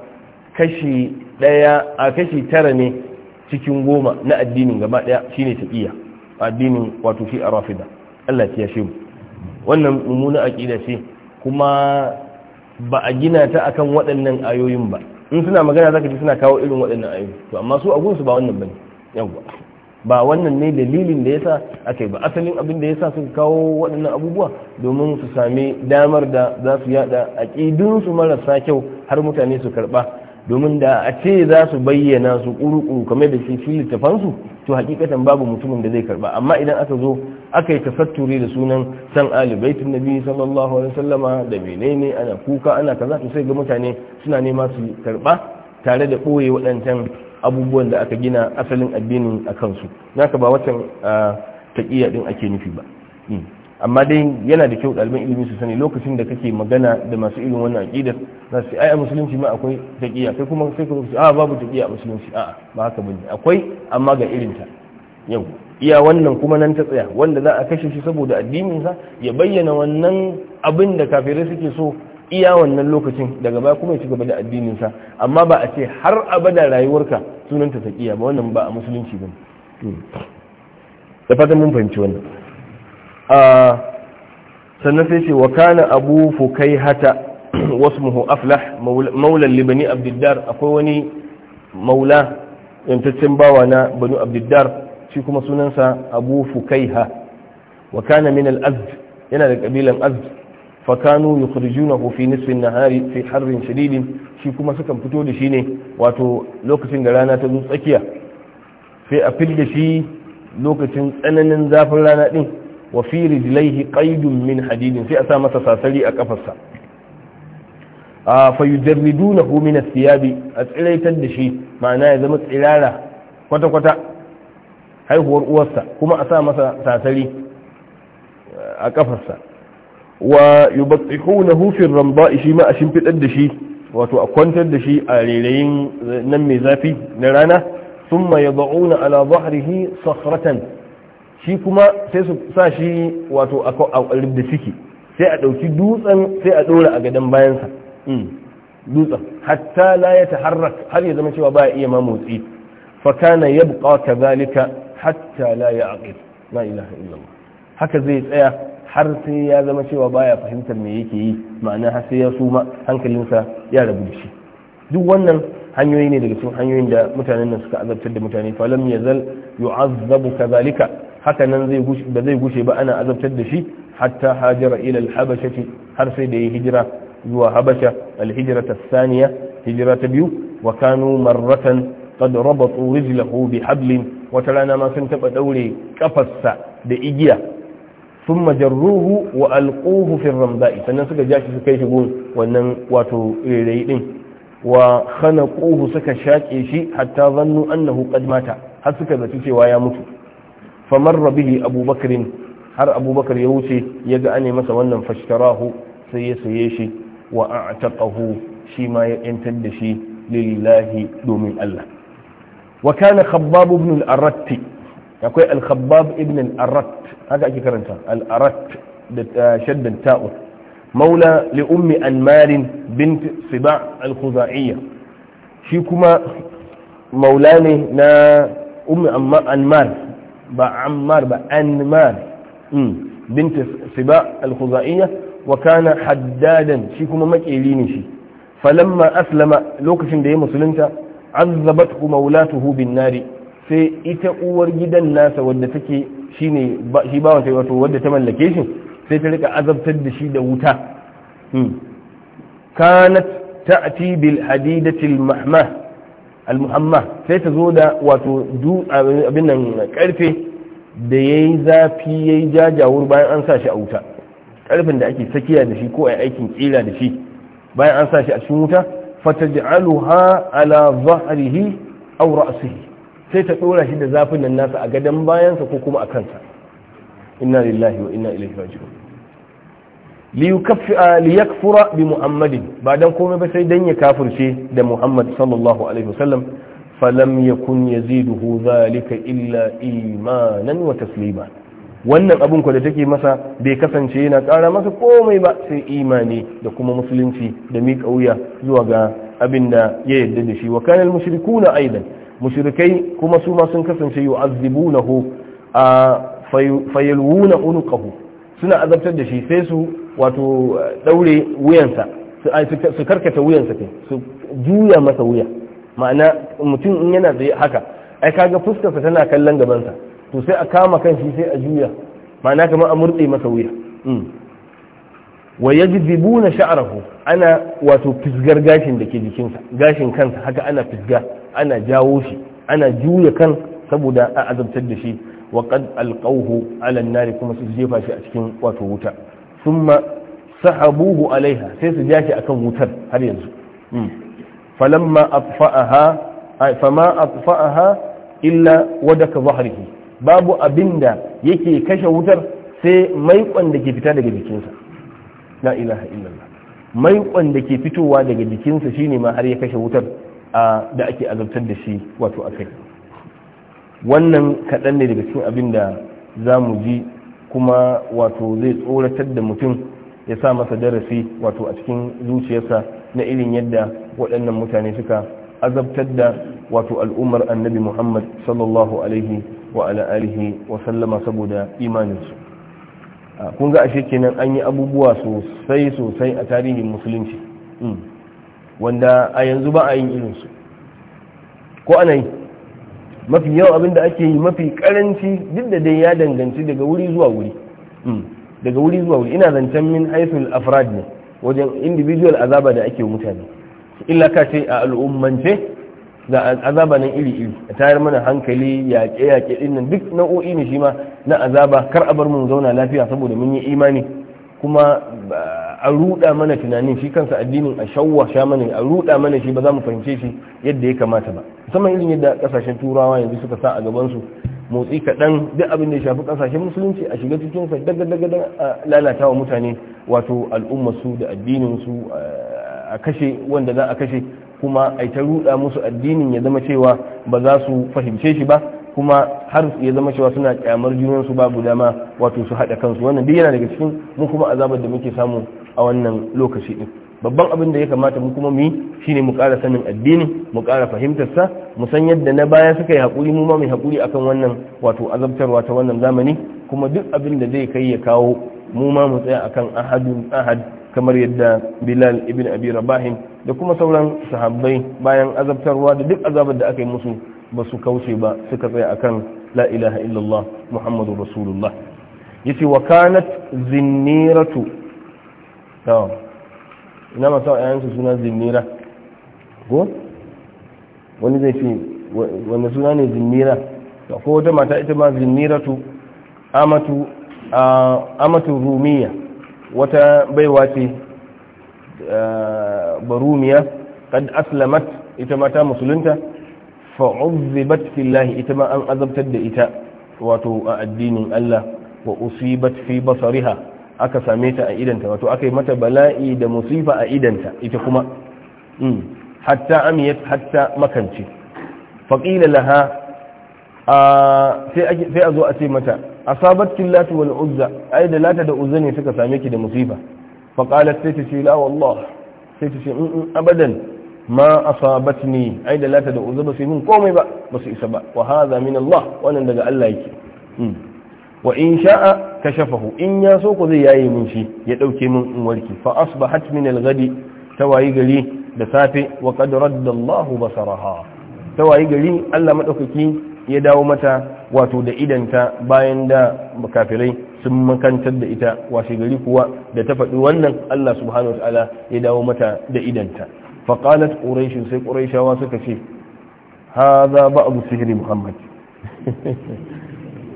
kashi ɗaya a kashi tara ne cikin goma na addinin gaba ɗaya shine taƙiyya addinin wato shi a Allah ya shi wannan mummuna aƙida ce kuma ba a gina ta akan waɗannan ayoyin ba in suna magana zaka ji suna kawo irin waɗannan ayoyi to amma su a gunsu ba wannan bane yawwa ba wannan ne dalilin da yasa ake ba asalin abin da yasa suka kawo waɗannan abubuwa domin su sami damar da za su yada aƙidunsu marasa kyau har mutane su karɓa domin da a ce za su bayyana su ƙuruƙuru kamar da shi littafansu to hakikatan babu mutumin da zai karɓa amma idan aka zo aka yi tafatturi da sunan san alibaitin nabi sallallahu alaihi wasallama da menene ana kuka ana kaza to sai ga mutane suna nema su karɓa tare da ɓoye waɗancan abubuwan da aka gina asalin addinin a kansu naka ba watan taƙiyya din ake nufi ba hmm. amma dai yana da kyau ɗaliban ilimi su sani lokacin da kake magana da masu irin wannan aƙidar za su ai a musulunci ma akwai taƙiyya kai kuma sai ka rubuta a ah, babu taƙiyya a musulunci a ba haka bane akwai amma ga irinta yau iya wannan kuma nan ta tsaya wanda za a kashe shi saboda addinin sa ya bayyana wannan abin da kafirai suke so iya wannan lokacin daga baya kuma ya ci gaba da addininsa amma ba a ce har abada rayuwarka ta taqiya ba wannan ba a musulunci ba da fatan mun fahimci wannan sannan sai ce wa kana abu wasu wasmuhu aflah maulan libani abdiddar akwai wani maula yantaccen bawa na banu abdiddar shi kuma sunansa abu ha wa kana min al-azd yana da kabilan azd fakanu yukhrijunahu fi nisfin nahari fi harrin shadidin shi kuma sukan fito da shi ne wato lokacin da rana ta zo tsakiya sai a fil da shi lokacin tsananin zafin rana din wa fi rijlaihi qaydun min hadidin sai a sa masa sasari a kafarsa a fayujarridunahu min athiyabi a tsiraitar da shi ma'ana ya zama tsirara kwata kwata haihuwar uwarsa kuma a sa masa sasari eh, a kafarsa ويبطحونه في الرمضاء شيء ما أشمت الدشي وتؤكنت الدشي آليلين نمي زافي نرانا ثم يضعون على ظهره صخرة شيء كما ساشي واتو وتؤكد فيكي سيأتو شيء دوسا سيأتو لأقدم بينسا دوسا حتى لا يتحرك هل إذا ما شوى بائي ما موسي فكان يبقى كذلك حتى لا يعقل لا إله إلا الله هكذا يتأيه har sai ya zama cewa baya fahimtar me yake yi ma'ana har sai ya suma hankalinsa ya rabu da shi duk wannan hanyoyi ne daga cikin hanyoyin da mutanen nan suka azabtar da mutane falam yazal yu'azzabu kadhalika haka nan zai gushe ba zai gushe ba ana azabtar da shi hatta hajara ila al-habashati har sai da ya hijira zuwa habasha al-hijra as hijira ta biyu wa kanu marratan qad rabatu rijlahu bi hablin wata rana ma sun taba daure kafarsa da igiya sun majarruhu wa alƙuhu fi ramda'i sannan suka ja shi suka yi wannan wato rairayi din wa hana ƙuhu suka shaƙe shi hatta zannu annahu qad mata har suka zaci cewa ya mutu famar rabihi abubakarin har abubakar ya wuce ya ga ane masa wannan fashtarahu sai ya saye shi wa a'taqahu shi ma ya yantar da shi lillahi domin Allah wa kana khabbab ibn al akwai al-khabbab ibn al-arat haka ake karanta al-arat da eh, shaddan ta'ud maula li ummi anmar bint siba al-khuzaiya shi kuma maula ne na ummi anmar ba ammar ba anmar mm, bint siba al-khuzaiya wa kana haddadan shi kuma makeli ne shi falamma aslama lokacin da ya musulunta azzabathu maulatuhu bin nari sai ita uwar gidan nasa wadda take shine shi bawan sai wato wadda ta mallake shi sai ta rika azabtar da shi da wuta hmm. kanat ta'ti bil hadidatil al mahma al muhamma sai ta zo da wato du abin nan karfe da yayi zafi yayi jajawur bayan an sa shi a wuta karfin da ake sakiya da shi ko ai aikin kila da shi bayan an sa shi a cikin wuta fataj'aluha ala dhahrihi aw ra'sihi sai ta tsora shi da zafin nan nasa a gadon bayansa ko kuma a kansa inna lillahi wa inna ilaihi raji'un yakfura bi muhammadin ba dan komai ba sai dan ya kafirce da muhammad sallallahu alaihi wasallam falam yakun yaziduhu zalika illa imanan wa taslima wannan abun ko da take masa bai kasance yana kara masa komai ba sai imani da kuma musulunci da miƙa wuya zuwa ga abin da ya yarda da shi wa kana al-mushrikuuna aidan mushrikai kuma su ma sun kasance yu'azzibunahu fayalwuna unuqahu suna azabtar da shi sai su wato daure wuyansa su karkata wuyansa kai su juya masa wuya ma'ana mutum in yana tsaye haka ai kaga fuskarsa tana kallon gabansa to sai a kama kan shi sai a juya ma'ana kamar a murɗe masa wuya mm. wa yajdibuna sha'rahu ana wato fisgar gashin da ke jikinsa gashin kansa haka ana fisga ana jawo shi ana juya kan saboda a azabtar da shi wa qad alqawhu ala an-nar kuma su jefa shi a cikin wato wuta thumma sahabuhu alaiha sai su ja shi akan wutar har yanzu hmm. falamma atfa'aha ay fama atfa'aha illa wadaka zahrihi babu abinda yake kashe wutar sai maiƙon da ke fita daga jikinsa la ilaha illallah maiƙon da ke fitowa daga jikinsa shine ma har ya kashe wutar da ake azabtar da shi wato a kai wannan kaɗan ne daga cikin abin da za mu ji kuma wato zai tsoratar da mutum ya sa masa darasi wato a cikin zuciyarsa na irin yadda waɗannan mutane suka azabtar da wato al'ummar annabi muhammad sallallahu alaihi wa ala wa sallama saboda imaninsu kun ga ashe kenan an yi abubuwa sosai sosai a tarihin musulunci hmm. wanda a yanzu ba a yin irinsu ko ana yi mafi yau abin da ake yi mafi karanci duk da dai ya danganci daga wuri zuwa wuri hmm. daga wuri zuwa wuri ina zancen min haifin afrad ne wajen individual azaba da ake mutane illa ka ce a al'ummance ga azaba nan iri iri a tayar mana hankali yaƙe yaƙe din nan duk nau'o'i ne shi ma na azaba kar a bar mu zauna lafiya saboda mun yi imani kuma a ruɗa mana tunanin shi kansa addinin a sha mana a ruda mana shi ba za mu fahimce shi yadda ya kamata ba musamman irin yadda kasashen turawa yanzu suka sa a gaban su motsi kaɗan duk abin da ya shafi kasashen musulunci a shiga cikin sa daga daga da lalata wa mutane wato al'umma su da addinin su a kashe wanda za a kashe kuma a ta ruda musu addinin ya zama cewa ba za su fahimce shi ba kuma har ya zama cewa suna kyamar junansu babu dama wato su haɗa kansu wannan duk yana daga cikin mu kuma azabar da muke samu a wannan lokaci din babban abin da ya kamata mu kuma mu yi shine mu ƙara sanin addini mu ƙara fahimtar sa mu san yadda na baya suka yi hakuri mu ma mu hakuri akan wannan wato azabtarwa ta wannan zamani kuma duk abin da zai kai ya kawo mu ma mu tsaya akan ahadun ahad kamar yadda Bilal ibn Abi Rabah da kuma sauran sahabbai bayan azabtarwa da duk azabar da aka yi musu ba su kauce ba suka tsaya akan la ilaha illallah muhammadu rasulullah yace wa kanat zinniratu to ina masu suna zimira ko wani zai wanda suna ne zinnira to ko wata mata ita ma zinniratu amatu amatu rumiya wata baiwa ce barumiya kad aslamat ita mata musulunta fa'uzibat fillahi ita ma an azabtar da ita wato a addinin Allah wa usibat fi basariha aka same ta a idanta wato aka yi mata bala'i da musifa a idanta ita kuma hmm. hatta amiyat hatta makanci faƙila laha sai a zo a ce mata a asabat lati wani uzza ai da lata da uzza ne suka same ki da musifa faƙalat sai ta ce la wallah sai ta ce mm, mm, abadan ma a asabatni ai da lata da uzza ba su yi min komai ba ba su isa ba wa hadha min Allah wannan daga Allah yake hmm. wa in sha'a kashafahu in ya so ku zai yaye min shi ya dauke min in warki fa asbahat min al-ghadi tawayi gari da safe wa qad radda Allahu basaraha tawayi gari Allah madaukaki ya dawo mata wato da idanta bayan da kafirai sun makantar da ita washe gari kuwa da ta faɗi wannan Allah subhanahu wa ya dawo mata da idanta fa qalat quraish sai quraishawa suka ce hadha ba'd sihri muhammad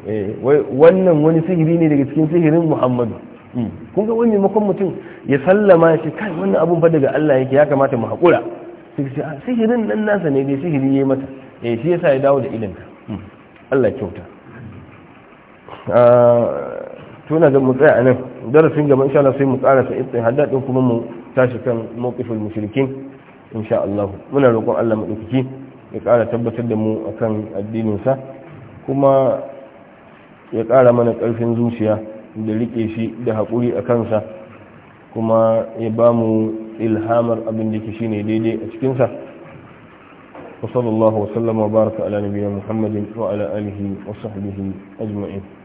Eh, wannan wani sihiri ne daga cikin sihirin muhammadu hmm. kun ga wani makon mutum ya sallama shi kai wannan abun fa daga Allah yake ya kamata mu haƙura ah, sihirin nan nasa ne dai sihiri ya yi mata eh shi yasa ya dawo da ilinka hmm. Allah kyauta ah, tuna ga mu tsaya nan darasin gaba insha Allah sai mu karasa istihada haddadin kuma mu tashi kan mawqiful mushrikin insha Allah muna roƙon Allah mu dauki ya ƙara tabbatar da mu akan addinin sa kuma ya ƙara mana ƙarfin zuciya da riƙe shi da haƙuri a kansa kuma ya ba mu ilhamar abin da ke shi ne daidai a cikinsa wasu sallallahu wa baraka ala nabiya muhammadin wa ala alihi wa sahbihi ajma'in